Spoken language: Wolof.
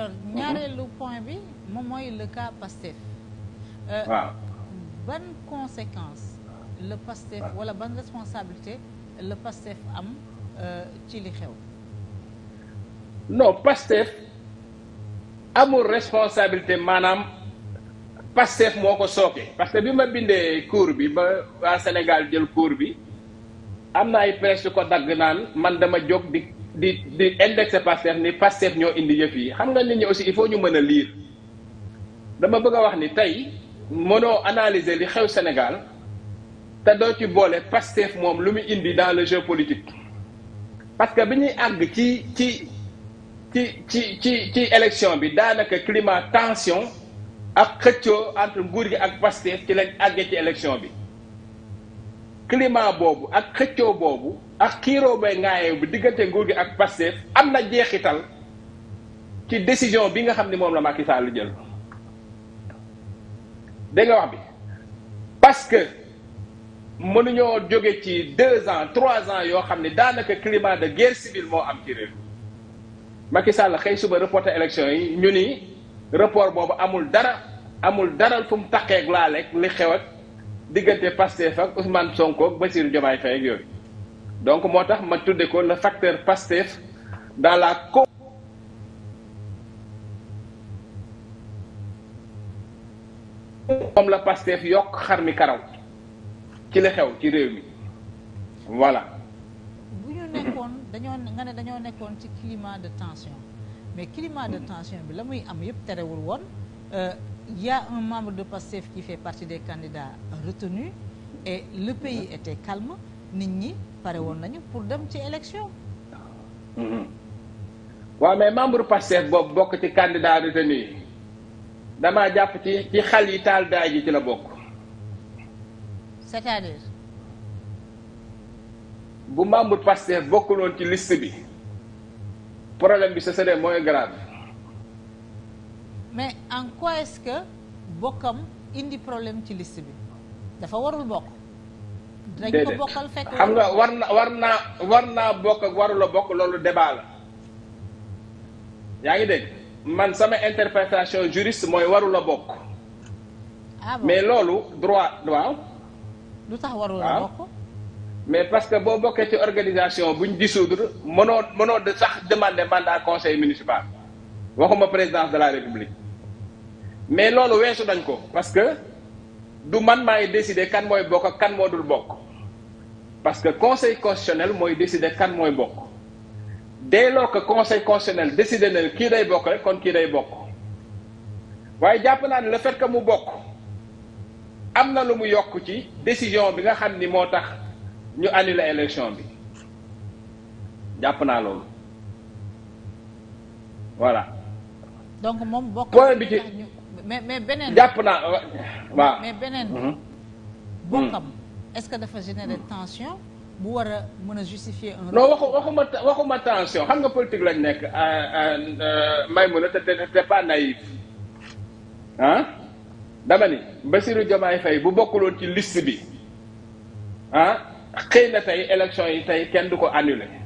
Uh-huh. ñaareelu point bi moom mooy le cas Pastef. Euh, waaw ban conséquence le Pastef wala ban responsabilité le Pastef am euh, ci li xew. non Pastef amul responsabilité maanaam Pastef moo ko sooke parce que bi ma bindee cours bi ba Sénégal jël cours bi am na ay presse ko dagg naan man dama jóg di. di di indexé Pastef ni Pastef ñoo indi yëf yi xam nga nit ñi aussi il faut ñu mën a lire dama bëgg a wax ni tey mënoo analyser li xew Sénégal te doo ci boole Pastef moom lu mu indi dans le jeu politique parce que bi ñuy àgg ci ci ci ci ci ci élection bi daanaka climat tension ak xëccoo entre nguur gi ak Pastef ci lañ àggee ci élection bi climat boobu ak xëccoo boobu ak xiiroo bay ngaayoo bu diggante nguur gi ak Pastef am na jeexital ci décision bi nga xam ni moom la Macky Sall jël dégg wax bi parce que mënuñoo jóge ci deux ans trois ans yoo xam ni daanaka climat de guerre civile moo am ci réew Macky Sall xëy suba reporter élection yi ñu ni report boobu amul dara amul dara fu mu taqeeg laa lekk li xew diggante Pastef ak Ousmane Sonko ak Bassirou Diomaye Faye ak yooyu donc moo tax ma tudde ko le facteur Pastef dans la co moom la Pastef yokk xar mi karaw ci la xew ci réew mi voilà bu ñu nekkoon dañoo nga ne dañoo nekkoon ci climat de tension mais climat de tension bi la muy am yëpp terewul woon euh, il un membre de PASTEF qui fait partie des candidats retenus et le pays était calme nit ñi pare woon nañu pour dem ci élection. Mm-hmm. waaw mais membre PASTEF boobu bokk ci candidat retenu damaa jàpp ci ci xal yi taal daay ji ci la bokk. c'est-à-dire. bu membre PASTEF bokkuloon ci liste bi problème bi ce serait moins grave. mais en quoi est-ce que bokkam indi problème ci liste bi dafa warul bokk. dañ ko bokkal fekk xam nga war na war naa war naa bokk ak warula bokk loolu débat la yaa ngi dégg man sama interprétation juriste mooy warula bokk. ah mais loolu droit waaw. lu tax warula ah. bokk. mais parce que boo bokkee ci organisation buñ dissoudre mënoo mënoo de sax demander mandat conseil municipal. waxuma présidence de la république mais loolu weesu dañ ko parce que du man maay décider kan mooy bokk ak kan moo dul bokk parce que conseil constitutionnel mooy décider kan mooy bokk dès lors que conseil constitutionnel décider na kii day bokk rek kon kii day bokk waaye jàpp naa ne la fet que mu bokk am na lu mu yokk ci décision bi nga xam ni moo tax ñu annuler élection bi jàpp naa loolu voilà donc moom bokk bi mais mais beneen. jàpp naa waaw mais beneen. Mhm. bokkam est-ce que dafa générer tension. bu war a mën a justifier un. non waxu waxuma waxuma tension xam nga politique lañ nekk euh, euh, euh, Maïmouna te te pas naïf dama ni Bassirou Diomaye Faye bu bokkuloon ci liste bi ah xëy na tey élection yi tey kenn du ko annulé.